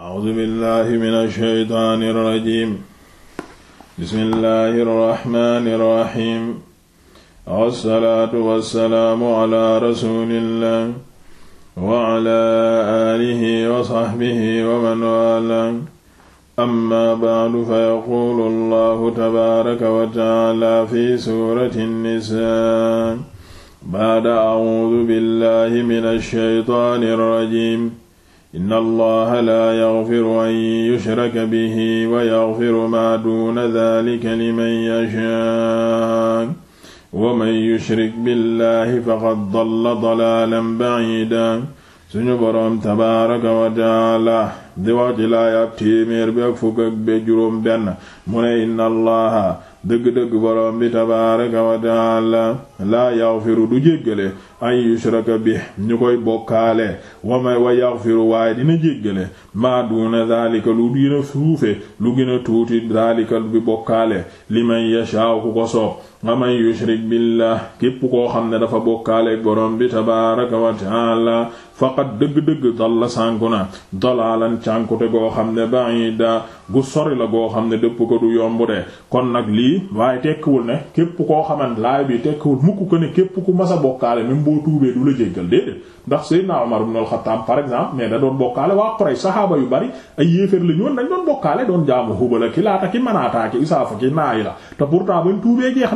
A'uuzu billaahi mina shaytaani rajiim. Bismillaahi rahmaani rahiim. Wassalaatu wassalaamu alaa rasuulillaah wa alaa aalihi wa sahbihi wa man waalaah. Ammaa ba'du fa yaquulu Allaahu tabaaraka wa ta'aalaa fi suurati Nisaa. Ba'da a'uuzu billaahi mina shaytaani rajiim. inna allaha laa yaghfiru an yushraka bihi wa yaghfiru ma duuna dhalika liman yashaa wa man yushrik billahi faqad dalla dalaalan baciida suñu boroom tabaaraka wa taala di wax ci laaya téeméer bi ak fukk ak be juróom benn mu ne inna allaha dëgg-dëgg boroom bi tabaaraka wa taala laa yaxfiru du jéggale an yushraka bi ñu koy bokkaale wa may wa yaxfiru waaye dina jéggale maa duuna daalika lu dina suufe lu gën a tuuti daalika bi bokkaale li may yashaa ku ko soob wa man yushrik billah képp koo xam ne dafa bokkaaleeg borom bi tabaaraka wa taala faqad dëgg-dëgg dalla sànku na dalaalan cànkute goo xam ne ba'ida gu sori la goo xam ne dëpp ko du yomb de kon nag lii waaye tekkiwul ne képp koo xamante laay bi tekkiwul mukk ko ne képp ku mas a bokkaale même boo tuubee du la jéggal déedéet ndax Seydina Umar ibn al-Khattab par exemple mais da doon bokkaale waa Quraysh saxaaba yu bari ay yéeféer la ñu woon dañ doon bokkaale doon jaamu Hubal ki Laata ki Manaata ki Isaafa ki Naayila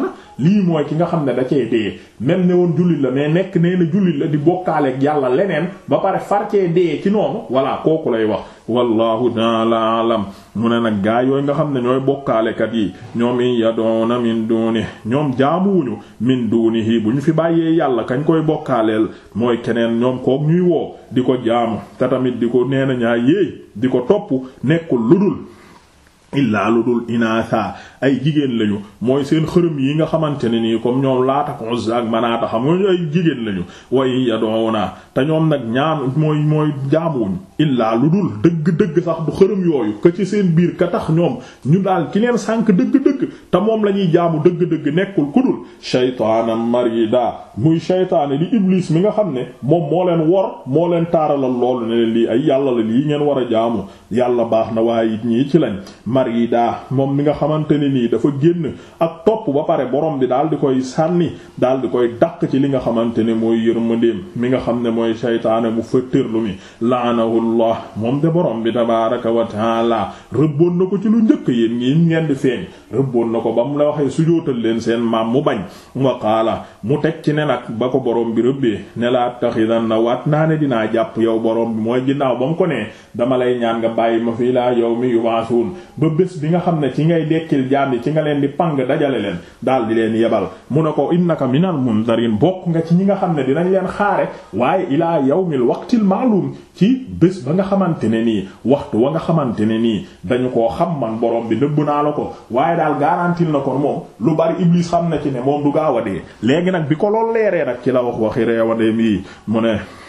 na lii mooy ki nga xam ne da cee dee même ne woon jullit la mais nekk nee na jullit la di bokkaaleek yàlla leneen ba pare far cee dee ci noonu voilà kooku lay wax wallahu ta'ala alam mu ne nag gaa yooyu nga xam ne ñooy bokkaalekat yi ñoom i yadoona min duuni ñoom jaamuwuñu min duunihi bu ñu fi bàyyee yàlla kañ koy bokkaaleel mooy keneen ñoom kook ñuy woo di ko jaamu te tamit di ko nee na ñaa yéey di ko topp nekkul lu ludul illaa lu dul inaasa ay jigéen lañu mooy seen xërëm yi nga xamante ne nii comme ñoom Laata Uzza ak Manaata xam nga ay jigéen lañu waaye yad'una te ñoom nag ñaan mooy mooy jaamuwuñ illaa lu dul dëgg-dëgg sax du xërëm yooyu que ci seen biir ka tax ñoom ñu daal ki leen sànk dëgg-dëgg te moom la ñuy jaamu dëgg-dëgg nekkul ku dul shaytaana marida muy shaytaane di iblis mi nga xam ne moom moo leen wor moo leen taaralal loolu ne lii ay yàlla la lii ngeen war a jaamu yàlla marida moom mi nga xamante ne nii dafa génn ak topp ba pare borom bi daal di koy sànni daal di koy dàq ci li nga xamante ne mooy yërmandeem mi nga xam ne mooy saytaane mu fëttërlu mi laanahullah moom de borom bi tabaraka wa taala rëbboon na ko ci lu njëkk yéen ngeen ngeen di feeñ rëbboon na ko ba mu la waxee sujootal leen seen maam mu bañ wa qaala mu teg ci ne nag ba ko borom bi rëbbee ne laa taxidan na wat naa ne dinaa jàpp yow borom bi mooy ginnaaw ba mu ko nee dama lay ñaan nga bàyyi ma fi laa yow mi yubaasuun bés bi nga xam ne ci ngay dekkil jaam yi ci nga leen di pang dajale leen daal di leen yebal mu ne ko innaka minal mundarin bokk nga ci ñi nga xam ne dinañ leen xaare waaye ilaa yow yawmil waqtil maalum ci bés ba nga xamante ne nii waxtu wa nga xamante ne nii dañu koo xam man borom bi nëbb naa la ko waaye daal garantil na ko moom lu bari Iblis xam na ci ne moom du gaaw a dee léegi nag bi ko lool leeree nag ci la wax waxi reewa dem yi mu ne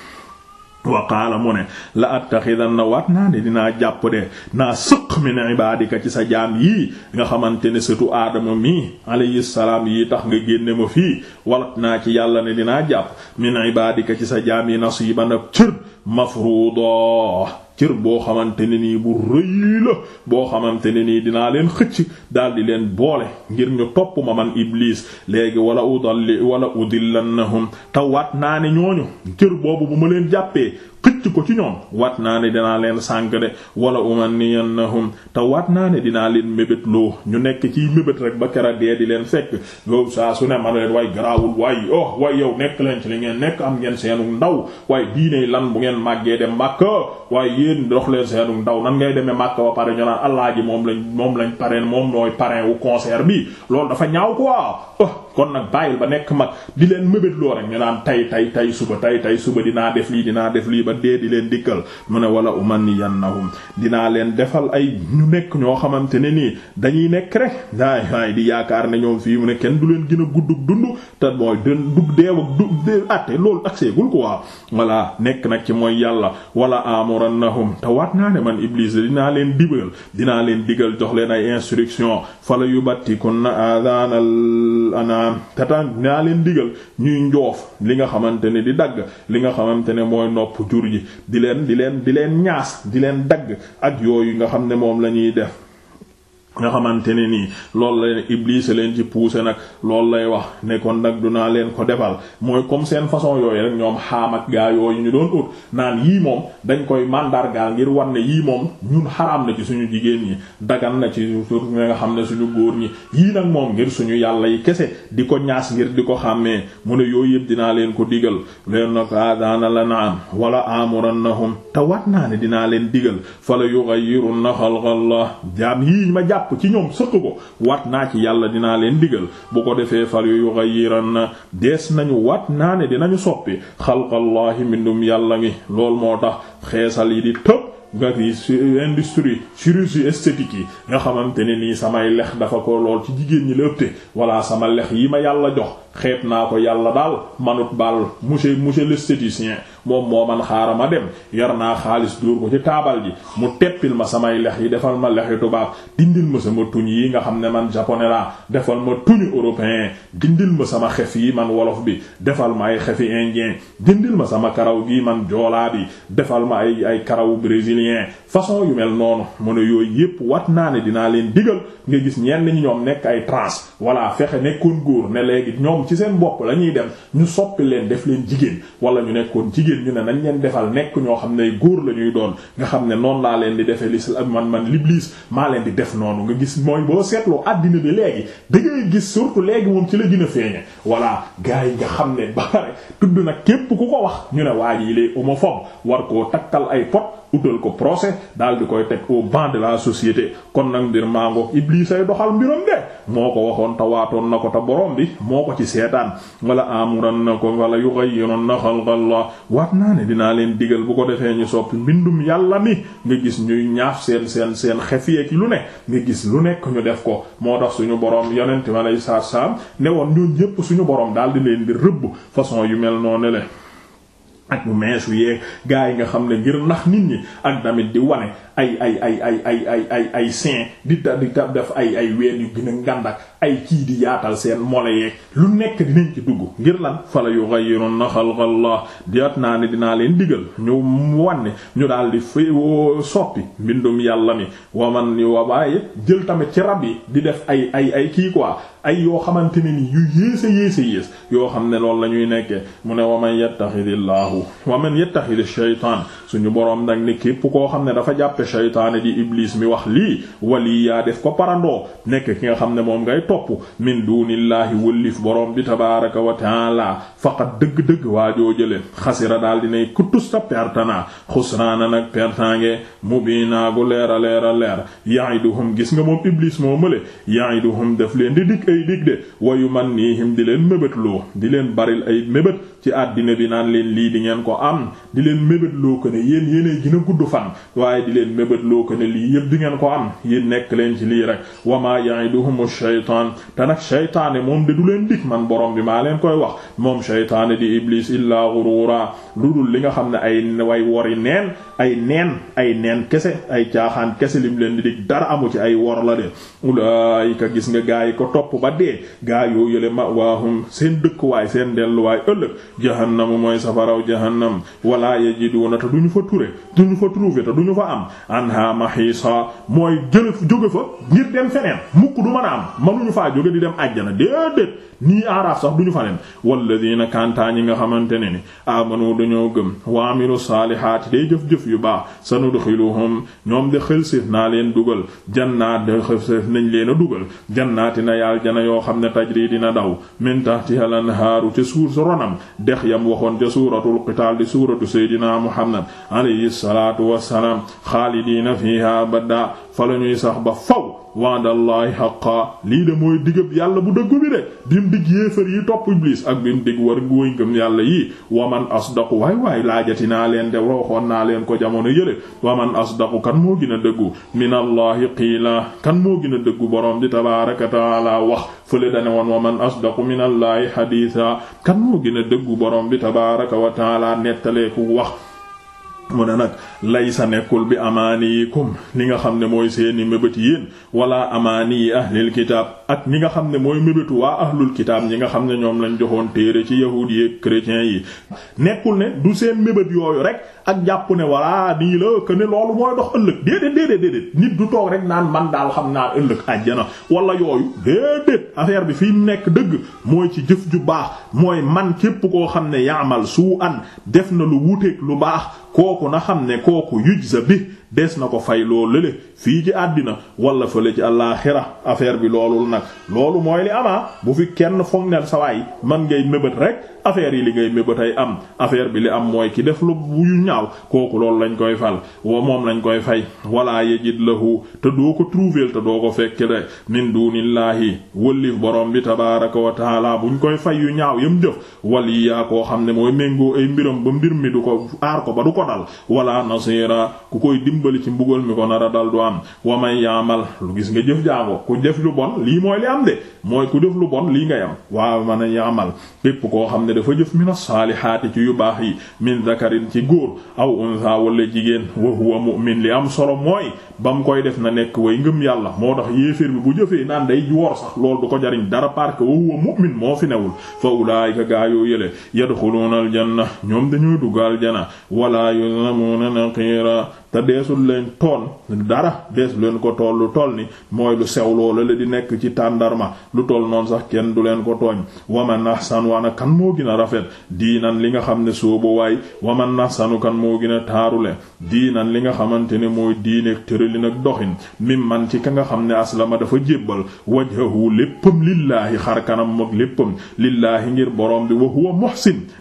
wa qaala mu ne la attaxidan na waat naa ne dinaa jàpp de naa sëq min ibadika ci sa jaam yii nga xamante ne setu aadama mii alayhi salaam yii tax nga génne ma fii walat naa ci yàlla ne dinaa jàpp min ibadika ci sa jaam yi nasiban ak cër mafruuda cër boo xamante ne nii bu rëy boo xamante ne nii dinaa leen xëcc daal di leen boole ngir ñu topp man iblis léegi wala udalli wala udillannahum tawaat naa ne ñooñu cër boobu bu ma leen jàppee xëcc ko ci ñoom waat naa ne dinaa leen sànk de na umanniyannahum te waat naa ne dinaa leen mébét loo ñu nekk ciy mébét rek ba kera dee di leen fekk loolu saa su ne ma leen waay garaawul waay oh waay yow nekk leen ci li ngeen nekk am ngeen seenu ndaw waaye diine lan bu ngeen màggee dem Makka waaye yéen dox leen seenu ndaw nan ngay demee màkk ba pare ñu naan Allah ji moom lañ moom lañ parrain moom mooy parrain wu concert bi loolu dafa ñaaw quoi oh, kon nag bàyyil ba nekk mag di leen mébétloo rek ñu naan tay tay tay suba tay tay suba dinaa def lii dinaa def lii ba dee di leen dikkal mu ne wala umanniyannahum dinaa leen defal ay ñu nekk ñoo xamante ne nii dañuy nekk rek waay waay di yaakaar ne fii mu ne kenn du leen gën a guddug dund te mooy dug deew ak atte loolu akseegul ko waaw walla nekk nag ci mooy yàlla wala amurannahum te waat naa ne man iblis dinaa leen digal dinaa leen digal jox leen ay instruction fala yubattikunna adana maanaam tataan naa leen digal ñuy njoof li nga xamante ne di dagg li nga xamante ne mooy nopp jur ji di leen di leen di leen ñaas di leen dagg ak yooyu nga xam ne moom la ñuy def nga xamante ne nii loolu la leen Iblis leen ci poussé nag loolu lay wax ne kon nag dunaa leen ko defal mooy comme seen façon yooyu rek ñoom xaam ak gaa yooyu ñu doon ut naan yii moom dañ koy mandargaal ngir war ne yii moom ñun xaraam na ci suñu jigéen ñi dagan na ci surtout nga xam ne suñu góor ñi yii nag moom ngir suñu yàlla yi kese di ko ñaas ngir di ko xàmmee mu ne yooyu yëpp dinaa leen ko digal leen nag adana la na am wala amurannahum te wat naa dinaa leen digal fala yughayirunna xalqallah jaam yi ma jàpp jàpp ci ñoom sëq ko wat naa ci yàlla dinaa leen digal bu ko defee fal yu yughayyiran na des nañu wat naa ne dinañu soppi xalqallaahi mbindum yàlla ngi lool moo tax xeesal yi di tëb nga ci industrie chirurgie esthétique yi nga xamante ne nii samay lex dafa ko lool ci jigéen ñi la ëpp walla sama lex yi ma yàlla jox xeeb naa ko yàlla daal manut baal monsieur le l'esthéticien moom moo man xaaral ma dem yar naa xaalis dóor ko ci taabal ji mu teppil ma samay lex yi defal ma lex yu tubaab dindil ma sama tuñ yi nga xam ne man japonais la defal ma tuñu européen dindil ma sama xef yi man wolof bi defal ma ay yi indien dindil ma sama karaw gi man joolaat yi defal ma ay ay karaw brésilien façon yu mel noonu mu yooyu yépp wat naa ne dinaa leen digal nga gis ñenn ñi ñoom nekk ay ci seen bopp la ñuy dem ñu soppi leen def leen jigéen wala ñu nekkoon jigéen ñu ne nañ leen defal nekk ñoo xam ne góor la ñuy doon nga xam ne noonu laa leen di defee lislam man man l'Iblis maa leen di def noonu nga gis mooy boo seetloo àddina bi léegi da ngay gis surtout léegi moom ci la gën a feeñe voilà gars yi nga xam ne ba pare tudd nag képp ku ko wax ñu ne waa ji il est homophobe war koo takkal ay pot utal ko procès daal di koy teg au banc de la société kon nag mbir maa ngoog Iblis ay moo ko waxoon tawaatoon na ko te borom bi moo ko seetaan wala amurannakum wala yughayyirunna xalqallah waat naa ne dinaa leen digal bu ko defee ñu soppi mbindum yàlla mi nga gis ñuy ñaaf seen seen seen xefiyek lu ne nga gis lu nekk ñu def ko moo tax suñu boroom yonent ma lay saar saam ne woon ñun yépp suñu boroom daal di leen di rëbb façon yu mel noonu le ak meesu yeeg gars yi nga xam ne ngir nax nit ñi ak tamit di wane ay ay ay ay ay ay ay ay sin di da di def ay ay ween yu gën a ngànd ay kii di yaatal seen mole yeeg lu nekk dinañ ci dugg ngir lan fala yughayiruna xalqallah diat naa ne dinaa leen digal ñu mu wanne ñu daal di f soppi mbindum yàlla mi waman yu wabaaye jël tamit ci rab yi di def ay ay ay kii quoi ay yoo xamante ne ni yu yéese yéese yées yoo xam ne loolu la ñuy nekkee mu ne wa man yattaxidillaahu wa man yattaxidi shaytaan suñu boroom nag ne képp koo xam ne dafa jàppe shaytaane di iblis mi wax lii wali yaa def ko parandoo nekk ki nga xam ne moom ngay topp min duunillaahi wëllif boroom bi tabaaraka wa taala faqat dëgg-dëgg waajoo jële xasira daal dinay kuttus ta pertana xusraana nag pertange mubiinaa gu leer a leer a leer ya'iduhum gis nga moom iblis moo mële ya'iduhum daf leen di dikk lay dig de wayu man niihim di leen mébétloo di leen baril ay mébét ci bi naan leen lii di ngeen ko am di leen mébétloo ko ne yéen yéenay gën a gudd fan waaye di leen mébétloo ko ne lii yépp di ngeen ko am yéen nekk leen ci lii rek ma wama ya'iduhumu shaytaan te nag shaytaane moom de du leen dig man borom bi maa leen koy wax moom shaytaane di iblis illaa ghurura lu dul li nga xam ne ay way wori neen ay neen ay neen kese ay caaxaan kese lim leen di dig dara amu ci ay wor de ulaayika gis nga gaay topp ba dee gaa yoo yële mawaahum seen dëkkuwaay seen delluwaay ëllëg jahannamu mooy safaraw jahannam wala yajiduuna te duñu fa ture duñu fa trouver te duñu fa am anha mahisa mooy jël jóge fa ngir dem feneen mukk du mën a am mënuñu faa jóge di dem àjjana déedéet nii aaraaf sax duñu fa dem walladina kantaa ñi nga xamante ne ni amanu dañoo gëm wa amilu saalihaati day jëf-jëf yu baax sanudxiluhum ñoom de xël séef naa leen dugal jannaat de xël séef nañ leen a dugal jannaati na ajjana yoo xam ne tajri dina daw min tahtihal anhaaru ca suur sa ronam dex yam waxoon ca suuratul qitaal di suuratu seydina muhammad alayhi salaatu wassalaam xaalidiina fiiha badda fa la ñuy sax ba faw waadallaahi xaqa lii de mooy digëb yàlla bu dëggu bi de bim dig yéefar yi topp iblis ak bim dig war góoy ngëm yàlla yii waman asdaqu waay waay laajati naa leen de waxoon naa leen ko jamono yële waman asdaqu kan moo gën a dëggu minallaahi qiila kan moo gën a dëggu borom di tabaaraka taala wax fële dane woon man asdaqu minallaahi xadiisa kan moo gën a dëggu borom bi tabaaraka wa taala nettaleeku wax mu ne nag sa nekkul bi amaaniyikum li nga xam ne mooy seeni mébét yéen wala amaani yi ahlil kitaab ak ñi nga xam ne mooy mébétu waa ahlul kitaab ñi nga xam ne ñoom lañ joxoon téere ci yahuud yi chrétiens yi nekkul ne du seen mébét yooyu rek ak jàppu ne wala nii la que loolu mooy dox ëllëg déedéet déedéet nit du toog rek naan man daal xam naa ëllëg àjjana wala yooyu déedéet affaire bi fii mu nekk dëgg mooy ci jëf ju baax mooy man képp koo xam ne yaamal suu an def na lu wuteek lu baax kooku na xam ne kooku yujza bi des na ko fay loolu lële fii ci àddina wala fële ci àllaaxira affaire bi loolu nag loolu mooy li amaa bu fi kenn foog ne sa waay man ngay mébét rek affaire yi li ngay mébétay am affaire bi li am mooy ki def lu yu ñaaw kooku loolu lañ koy fal wa moom lañ koy fay wala yajid lahu te doo ko trouver te doo ko fekke de min dunillahi wëllif borom bi tabaaraka wa taala buñ koy fay yu ñaaw yam jëf wali yaa koo xam ne mooy méngoo ay mbiram ba mbir mi du ko aar ko ba du ko dal dimbali ci mbugal mi ko nar a dal du am wa may yaamal lu gis nga jëf jaango ku jëf lu bon lii mooy li am de mooy ku def lu bon lii ngay am waaw man a yaamal képp koo xam ne dafa jëf mina saalihaati ba mu koy na nekk way ngëm yàlla moo tax yéeféer bi bu jëfee naan day wor sax loolu du ko jariñ dara parce que wa huwa mu'min moo fi newul fa ulaayika gaayoo yële yadxuluuna aljanna ñoom dañuy dugg aljanna wala yuzlamuuna naqiira te deesul leen toon dara deesul leen ko tool lu toll ni mooy lu sew loola la di nekk ci tàndarma lu toll noonu sax kenn du leen ko tooñ waman ahsan waana kan moo gën a rafet diinan li nga xam ne soobu waay waman ahsanu kan moo gën a taarule diinan li nga xamante ne mooy diineeg tëralin ak doxin mim man ci ka nga xam ne aslama dafa jébbal wajhahu léppam lillaahi xar kanam mag léppam lillaahi ngir borom bi wa huwa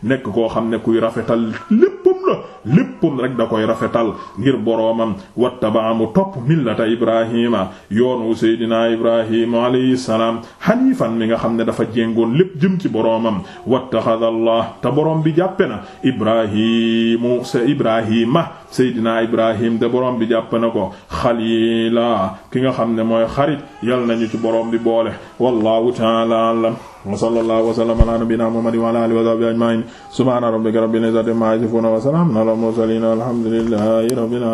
nekk koo xam ne kuy rafetal léppam la léppam rek da koy rafetal ngir boroomam wattabaa mu topp millata ibrahima yoonu seydinaa ibrahima alayhi salaam xaniifan mi nga xam ne dafa jéngoon lépp jëm ci boroomam wattaxada allah te boroom bi jàppe na ibrahimu sa ibrahima seydinaa ibrahim de boroom bi jàppe na ko xaliila ki nga xam ne mooy xarit yal nañu ti boroom bi boole wallahu ta'ala a'lam wa sallallahu wa sallama ala nabiyyina wa ala wa sahbihi ajma'in subhana rabbika rabbil